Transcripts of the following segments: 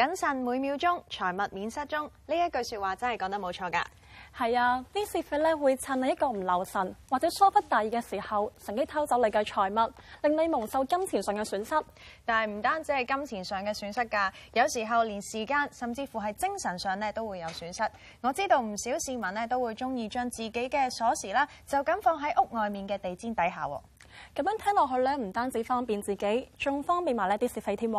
謹慎每秒鐘，財物免失蹤。呢一句說話真係講得冇錯噶。係啊，啲竊匪咧會趁你一個唔留神或者疏忽大意嘅時候，乘機偷走你嘅財物，令你蒙受金錢上嘅損失。但係唔單止係金錢上嘅損失噶，有時候連時間甚至乎係精神上咧都會有損失。我知道唔少市民呢都會中意將自己嘅鎖匙啦，就咁放喺屋外面嘅地氈底下。咁樣聽落去咧，唔單止方便自己，仲方便埋呢啲竊匪添。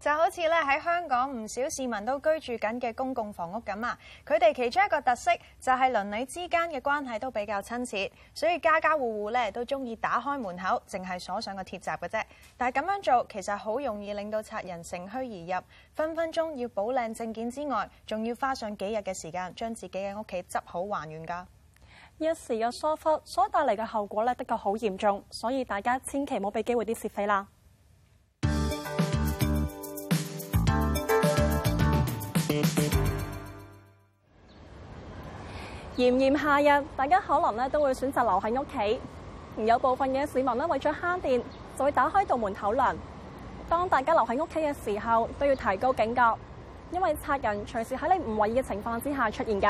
就好似咧喺香港唔少市民都居住緊嘅公共房屋咁啊，佢哋其中一個特色就係鄰里之間嘅關係都比較親切，所以家家戶戶咧都中意打開門口，淨係鎖上個鐵閘嘅啫。但係咁樣做其實好容易令到賊人乘虛而入，分分鐘要補領證件之外，仲要花上幾日嘅時間將自己嘅屋企執好還原㗎。一時嘅疏忽所帶嚟嘅後果咧，的確好嚴重，所以大家千祈唔好俾機會啲竊匪啦。炎炎夏日，大家可能咧都會選擇留喺屋企，而有部分嘅市民咧為咗慳電，就會打開道門唞涼。當大家留喺屋企嘅時候，都要提高警覺，因為賊人隨時喺你唔為意嘅情況之下出現噶。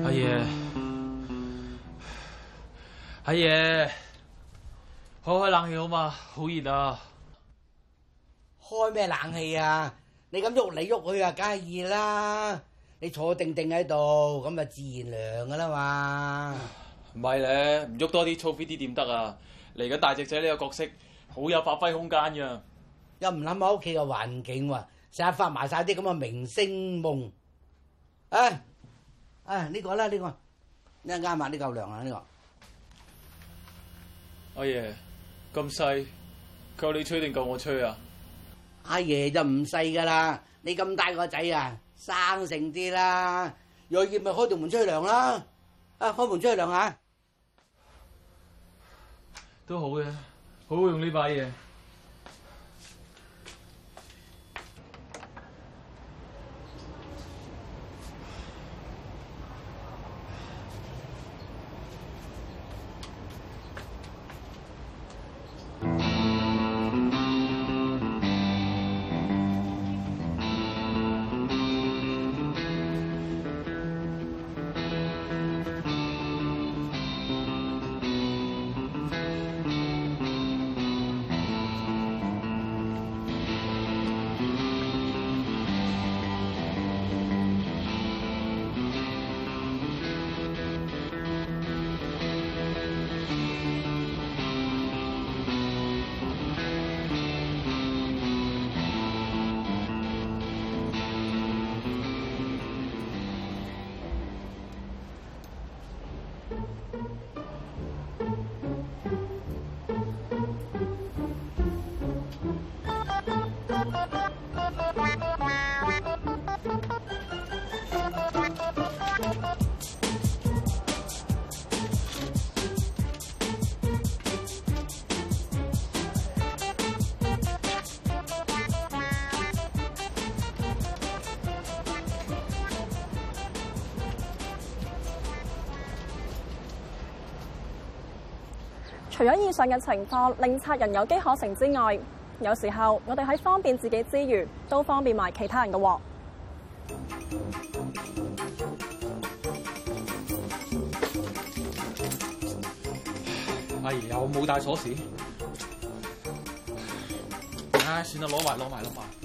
阿、啊、爺，阿、啊、爺。啊開開冷氣好嘛？好熱啊！開咩冷氣啊？你咁喐嚟喐去啊，梗係熱啦！你坐定定喺度，咁就自然涼噶 啦嘛。唔係咧，唔喐多啲，操 fit 啲點得啊？嚟緊大隻仔呢個角色，好有發揮空間噶、啊。又唔諗下屋企個環境喎、啊，成日發埋晒啲咁嘅明星夢。哎哎，呢、這個啦呢、這個，一加埋呢夠涼啦呢個。阿爺。咁細，夠你吹定夠我吹啊？阿爺就唔細噶啦，你咁大個仔啊，生性啲啦，若要咪開條門出去涼啦，啊，開門出去涼下，都好嘅，好，好用呢把嘢。除咗以上嘅情況令賊人有機可乘之外，有時候我哋喺方便自己之餘，都方便埋其他人嘅。阿哎，有冇帶鎖匙？唉、哎，算嘞，攞埋攞埋攞埋。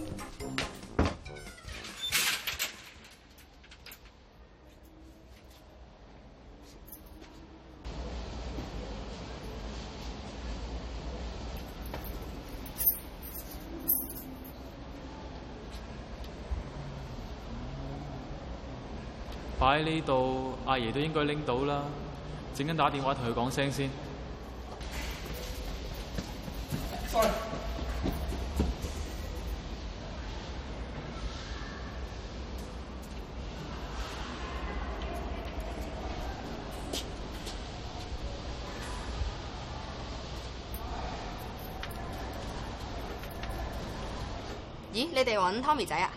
擺喺呢度，阿爺都應該拎到啦。陣間打電話同佢講聲先。sorry。咦？你哋揾 Tommy 仔啊？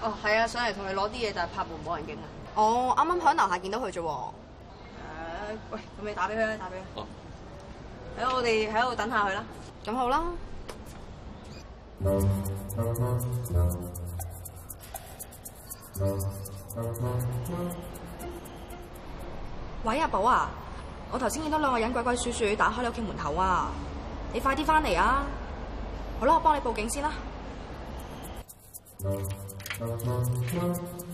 哦，係啊，上嚟同你攞啲嘢，就係拍門冇人驚啊！我啱啱喺樓下見到佢啫喎。誒，uh，喂，咁你打俾佢啦，打俾佢。喺我哋喺度等下佢啦。咁好啦。喂，阿寶啊，我頭先見到兩個人鬼鬼祟祟打開你屋企門口啊，你快啲翻嚟啊！好啦，我幫你報警先啦。No, no, no, no, no, no.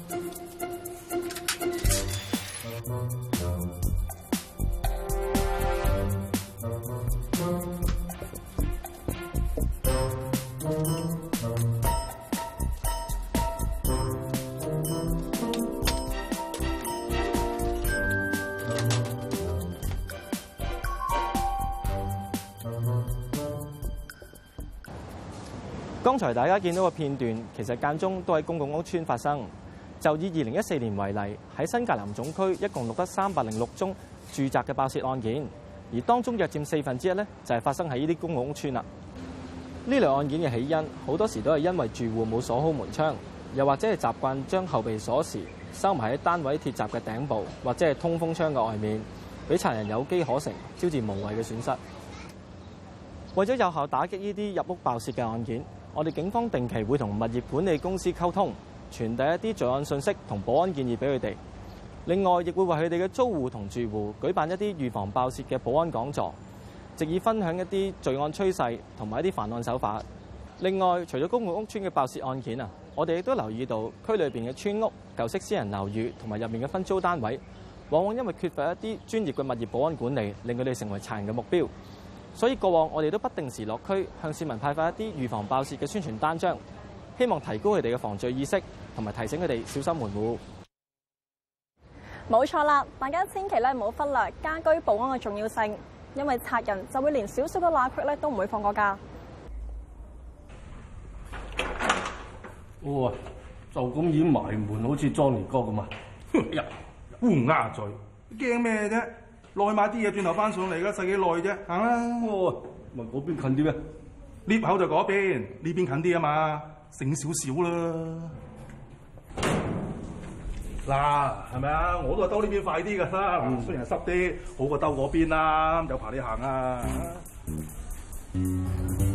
剛才大家見到個片段，其實間中都喺公共屋邨發生。就以二零一四年為例，喺新界南總區一共錄得三百零六宗住宅嘅爆竊案件，而當中約佔四分之一呢，就係發生喺呢啲公共屋邨啦。呢類案件嘅起因，好多時都係因為住戶冇鎖好門窗，又或者係習慣將後備鎖匙收埋喺單位鐵閘嘅頂部，或者係通風窗嘅外面，俾賊人有機可乘，招致無謂嘅損失。為咗有效打擊呢啲入屋爆竊嘅案件，我哋警方定期會同物業管理公司溝通，傳遞一啲罪案信息同保安建議俾佢哋。另外，亦會為佢哋嘅租戶同住戶舉辦一啲預防爆竊嘅保安講座，藉以分享一啲罪案趨勢同埋一啲犯案手法。另外，除咗公共屋邨嘅爆竊案件啊，我哋亦都留意到區裏邊嘅村屋、舊式私人樓宇同埋入面嘅分租單位，往往因為缺乏一啲專業嘅物業保安管理，令佢哋成為賊人嘅目標。所以過往我哋都不定時落區向市民派發一啲預防爆竊嘅宣傳單張，希望提高佢哋嘅防罪意識，同埋提醒佢哋小心門戶。冇錯啦，大家千祈咧唔好忽略家居保安嘅重要性，因為賊人就會連少少嘅罅隙咧都唔會放過㗎。哇、哦！就咁掩埋門，好似莊尼哥咁、 嗯、啊！哼呀，烏鴉嘴，驚咩啫？耐買啲嘢，轉頭翻上嚟，㗎使幾耐啫，行啦，哦。我嗰邊近啲咩？呢口就嗰邊，呢邊近啲啊嘛，醒少少啦。嗱，係咪啊？我都係兜呢邊快啲噶啦，雖然濕啲，好過兜嗰邊啦，有排你行啊。嗯嗯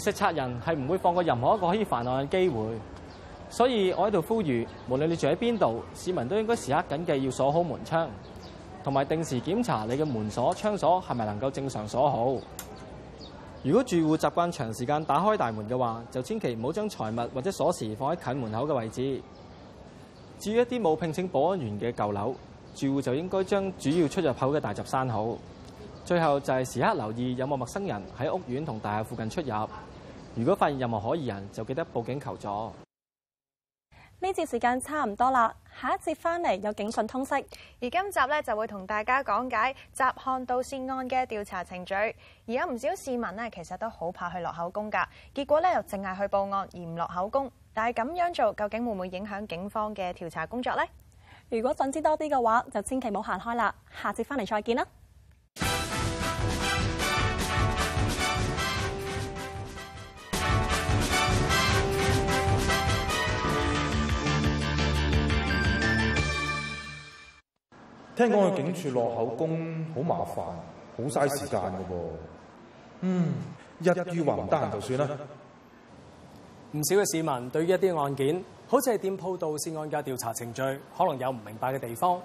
識賊人係唔會放過任何一個可以犯案嘅機會，所以我喺度呼籲，無論你住喺邊度，市民都應該時刻緊記要鎖好門窗，同埋定時檢查你嘅門鎖、窗鎖係咪能夠正常鎖好。如果住戶習慣長時間打開大門嘅話，就千祈唔好將財物或者鎖匙放喺近門口嘅位置。至於一啲冇聘請保安員嘅舊樓，住戶就應該將主要出入口嘅大閘閂好。最後就係時刻留意有冇陌生人喺屋苑同大廈附近出入。如果發現任何可疑人，就記得報警求助。呢節時間差唔多啦，下一節翻嚟有警訊通識。而今集咧就會同大家講解集看到線案嘅調查程序。而有唔少市民呢，其實都好怕去落口供㗎，結果咧又淨係去報案而唔落口供。但係咁樣做，究竟會唔會影響警方嘅調查工作呢？如果想知多啲嘅話，就千祈冇行開啦。下次翻嚟再見啦。聽講去警署落口供好麻煩，好嘥時間嘅噃。嗯，一於話唔得閒就算啦。唔少嘅市民對於一啲案件，好似係店鋪盜竊案嘅調查程序，可能有唔明白嘅地方，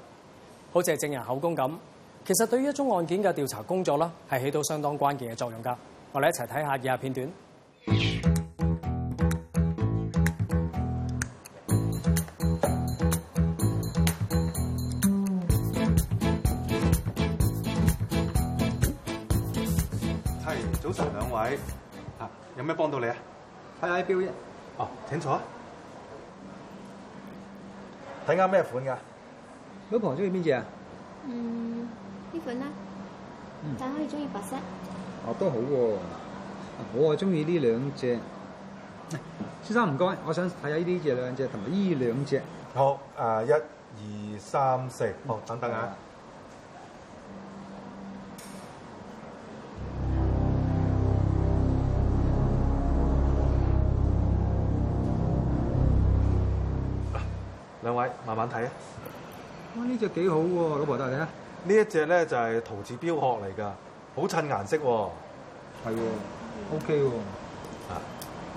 好似係證人口供咁。其實對於一宗案件嘅調查工作啦，係起到相當關鍵嘅作用㗎。我哋一齊睇下以下片段。兩位有幫啊，有咩幫到你啊？睇下啲表啫，哦，請坐。睇啱咩款㗎？老婆中意邊隻啊？嗯，這款呢款啦，嗯。但可以中意白色。哦，啊，都好喎，啊。我啊中意呢兩隻。先生唔該，我想睇下呢啲隻兩隻同埋呢兩隻。好，誒，一二三四，嗯，好，等等啊。嗯兩位慢慢睇啊！哇，呢隻幾好喎，老婆大人睇下。呢一隻咧就係陶瓷錶殼嚟噶，好襯顏色喎。係喎、嗯，OK 喎。喂！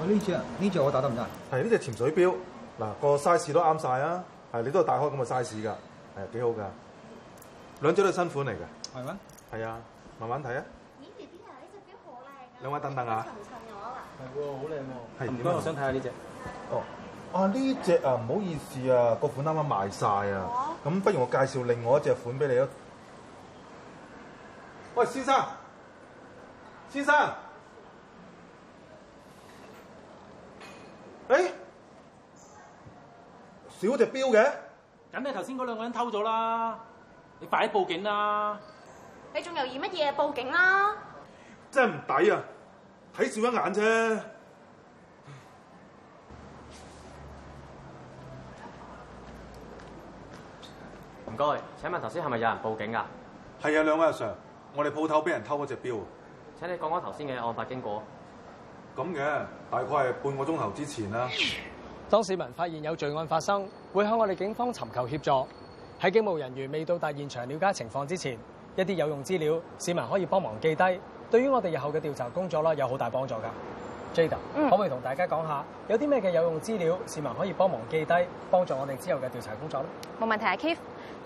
我呢隻呢隻我打得唔得？係呢隻潛水錶，嗱，個 size 都啱晒啊！係你都係戴開咁嘅 size 㗎，係幾好㗎。兩隻都係新款嚟㗎。係咩？係啊，慢慢睇、哎這個、啊。咦，呢隻錶好靚啊！兩位等等下。襯唔襯我啊？係喎、哦，好靚喎。係唔該，我想睇下呢隻。哦。啊呢隻啊，唔好意思啊，個款啱啱賣晒啊，咁 不如我介紹另外一隻款俾你啊。喂，先生，先生，誒、欸，少隻表嘅，咁你頭先嗰兩個人偷咗啦，你快啲報警啦！你仲猶豫乜嘢？報警啦？真係唔抵啊！睇少一眼啫～唔該，請問頭先係咪有人報警㗎？係啊，兩位阿 sir，我哋鋪頭俾人偷咗隻表。請你講講頭先嘅案發經過。咁嘅，大概係半個鐘頭之前啦。當市民發現有罪案發生，會向我哋警方尋求協助。喺警務人員未到達現場了解情況之前，一啲有用資料，市民可以幫忙記低，對於我哋日後嘅調查工作啦，有好大幫助㗎。Jade、嗯、可唔可以同大家講下有啲咩嘅有用資料，市民可以幫忙記低，幫助我哋之後嘅調查工作呢？冇問題啊，Keith。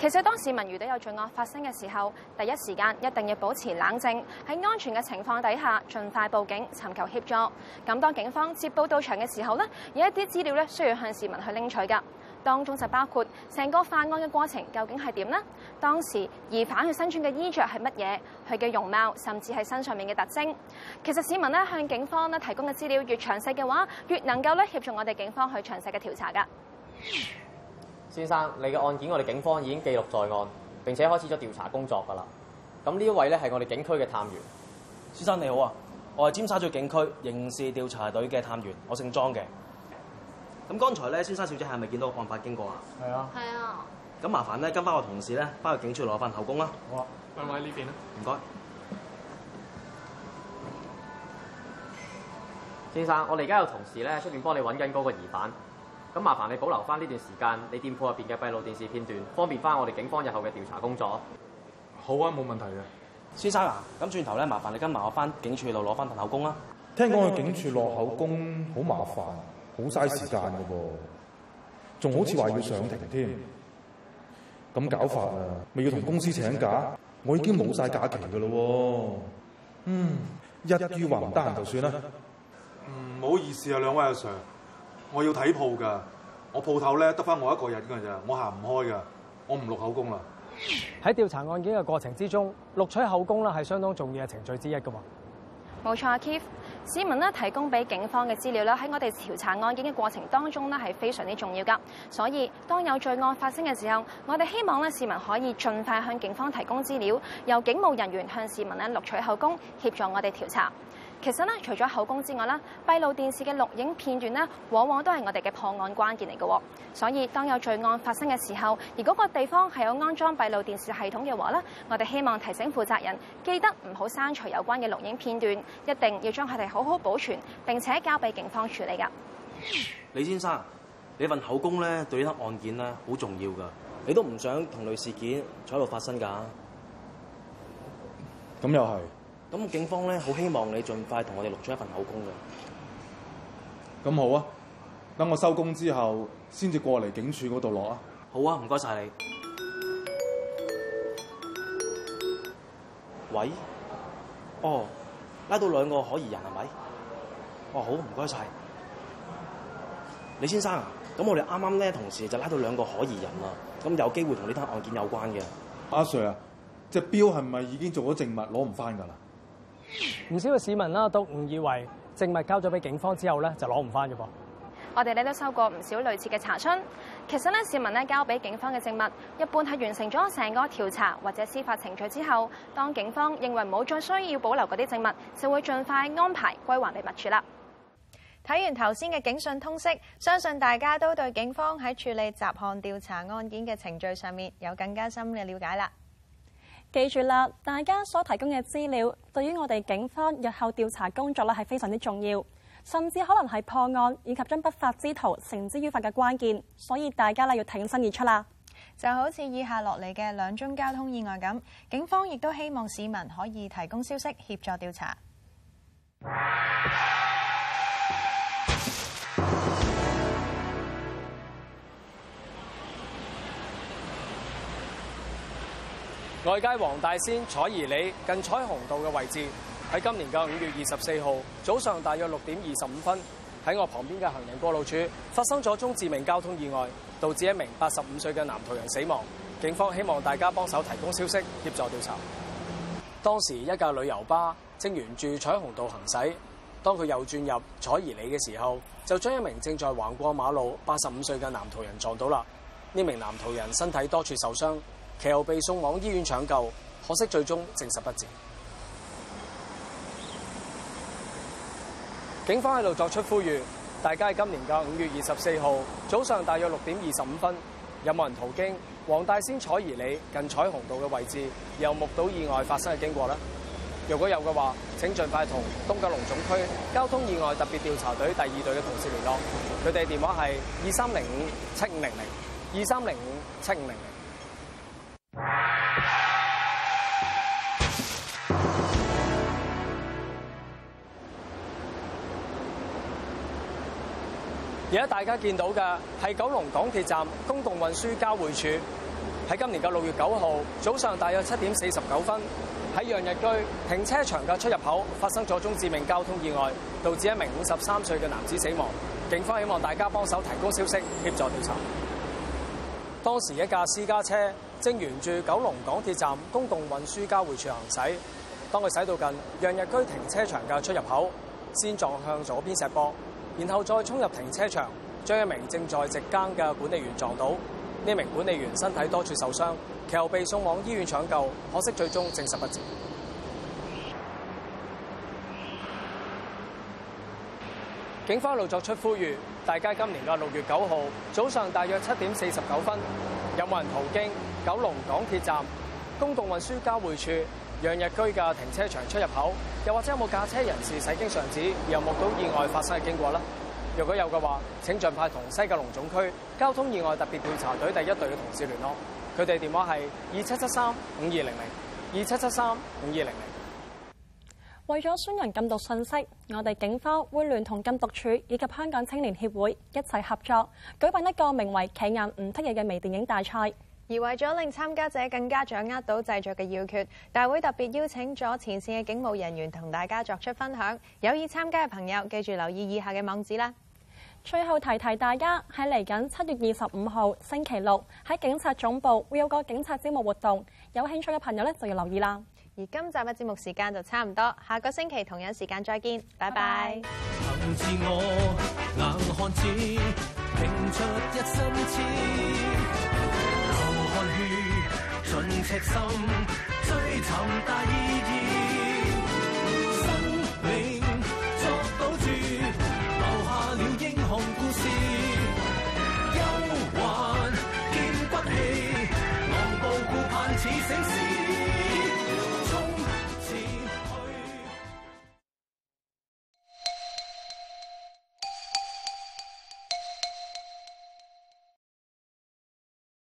Keith，其實當市民遇到有罪案發生嘅時候，第一時間一定要保持冷靜，喺安全嘅情況底下，盡快報警，尋求協助。咁當警方接報到場嘅時候呢，有一啲資料咧需要向市民去拎取㗎。當中就包括成個犯案嘅過程究竟係點呢？當時疑犯佢身穿嘅衣着係乜嘢？佢嘅容貌甚至係身上面嘅特徵。其實市民咧向警方咧提供嘅資料越詳細嘅話，越能夠咧協助我哋警方去詳細嘅調查㗎。先生，你嘅案件我哋警方已經記錄在案，並且開始咗調查工作㗎啦。咁呢一位咧係我哋警區嘅探員。先生你好啊，我係尖沙咀警區刑事調查隊嘅探員，我姓莊嘅。咁剛才咧，先生小姐係咪見到案發經過係啊？係啊，係啊。咁麻煩咧，跟翻我同事咧，翻去警署攞份口供啦。好啊，咪喺呢邊啊？唔該，先生，我哋而家有同事咧出面幫你揾緊嗰個疑犯，咁麻煩你保留翻呢段時間你店鋪入邊嘅閉路電視片段，方便翻我哋警方日後嘅調查工作。好啊，冇問題嘅。先生啊，咁轉頭咧，麻煩你跟埋我翻警署攞攞翻份口供啦。聽講去警署落口供好麻煩。好嘥時間嘅喎，仲好似話要上庭添，咁、嗯、搞法啊，咪要同公司請假，我已經冇晒假期嘅咯喎。嗯，一於話唔得閒就算啦。唔、嗯、好意思啊，兩位阿、啊、Sir，我要睇鋪㗎，我鋪頭咧得返我一個人㗎咋，我行唔開㗎，我唔錄口供啦。喺調查案件嘅過程之中，錄取口供啦係相當重要嘅程序之一㗎嘛。冇錯，阿、啊、Keith 市民咧提供俾警方嘅資料咧，喺我哋調查案件嘅過程當中呢係非常之重要噶。所以當有罪案發生嘅時候，我哋希望咧市民可以盡快向警方提供資料，由警務人員向市民咧錄取口供，協助我哋調查。其實咧，除咗口供之外咧，閉路電視嘅錄影片段咧，往往都係我哋嘅破案關鍵嚟嘅。所以當有罪案發生嘅時候，如果個地方係有安裝閉路電視系統嘅話咧，我哋希望提醒負責人記得唔好刪除有關嘅錄影片段，一定要將佢哋好好保存並且交俾警方處理㗎。李先生，你份口供咧對呢單案件咧好重要㗎，你都唔想同類事件再度發生㗎？咁又係。咁警方咧好希望你盡快同我哋錄出一份口供嘅。咁好啊，等我收工之後先至過嚟警署嗰度攞啊。好啊，唔該晒你。喂？哦，拉到兩個可疑人係咪？哦好，唔該晒。李先生啊，咁我哋啱啱咧同時就拉到兩個可疑人啦，咁有機會同呢單案件有關嘅。阿 Sir 啊，隻錶係咪已經做咗證物攞唔返㗎啦？唔少嘅市民啦，都誤以為證物交咗俾警方之後呢，就攞唔翻嘅噃。我哋都收過唔少類似嘅查詢。其實呢，市民交俾警方嘅證物，一般係完成咗成個調查或者司法程序之後，當警方認為唔好再需要保留嗰啲證物，就會盡快安排歸還俾物主啦。睇完頭先嘅警訊通識，相信大家都對警方喺處理雜項調查案件嘅程序上面有更加深嘅了解啦。記住啦，大家所提供嘅資料對於我哋警方日後調查工作咧係非常之重要，甚至可能係破案以及將不法之徒繩之於法嘅關鍵。所以大家咧要挺身而出啦！就好似以下落嚟嘅兩宗交通意外咁，警方亦都希望市民可以提供消息協助調查。 外街黃大仙彩怡里近彩虹道嘅位置，喺今年嘅五月二十四號早上大約六點二十五分，喺我旁邊嘅行人過路處發生咗宗致命交通意外，導致一名八十五歲嘅男途人死亡。警方希望大家幫手提供消息，協助調查。當時一架旅遊巴正沿住彩虹道行駛，當佢右轉入彩怡里嘅時候，就將一名正在橫過馬路八十五歲嘅男途人撞到啦。呢名男途人身體多處受傷。其後被送往醫院搶救，可惜最終證實不治。警方喺度作出呼籲，大家今年嘅五月二十四號早上大約六點二十五分，有冇人途經黃大仙彩頤里近彩虹道嘅位置，又目睹意外發生嘅經過呢？如果有嘅話，請盡快同東九龍總區交通意外特別調查隊第二隊嘅同事聯絡，佢哋電話係二三零五七五零零二三零五七五零零。而家大家見到嘅係九龍港鐵站公共運輸交匯處。喺今年嘅六月九號早上大約七點四十九分，喺漾日居停車場嘅出入口發生咗宗致命交通意外，導致一名五十三歲嘅男子死亡。警方希望大家幫手提供消息協助調查。當時一架私家車正沿住九龍港鐵站公共運輸交匯處行駛，當佢駛到近漾日居停車場嘅出入口，先撞向左邊石波。然後再衝入停車場，將一名正在值更嘅管理員撞到。呢名管理員身體多處受傷，其後被送往醫院搶救，可惜最終證實不治。警方又作出呼籲，大家今年嘅六月九號早上大約七點四十九分，有冇人途經九龍港鐵站公共運輸交匯處？讓日居嘅停車場出入口，又或者有冇駕車人士駛經上址，又目睹意外發生嘅經過咧？如果有嘅話，請盡快同西九龍總區交通意外特別調查隊第一隊嘅同事聯絡，佢哋電話係二七七三五二零零二七七三五二零零。為咗宣揚禁毒信息，我哋警方會聯同禁毒處以及香港青年協會一齊合作，舉辦一個名為《企硬唔 Take 嘢》嘅微電影大賽。而為咗令參加者更加掌握到製作嘅要訣，大會特別邀請咗前線嘅警務人員同大家作出分享。有意參加嘅朋友，記住留意以下嘅網址啦。最後提提大家，喺嚟緊七月二十五號星期六，喺警察總部會有個警察招募活動，有興趣嘅朋友呢就要留意啦。而今集嘅節目時間就差唔多，下個星期同樣時間再見，拜拜。盡赤心，追尋大意義。生命作賭注，留下了英雄故事。憂患見骨氣，昂步顧盼似醒時。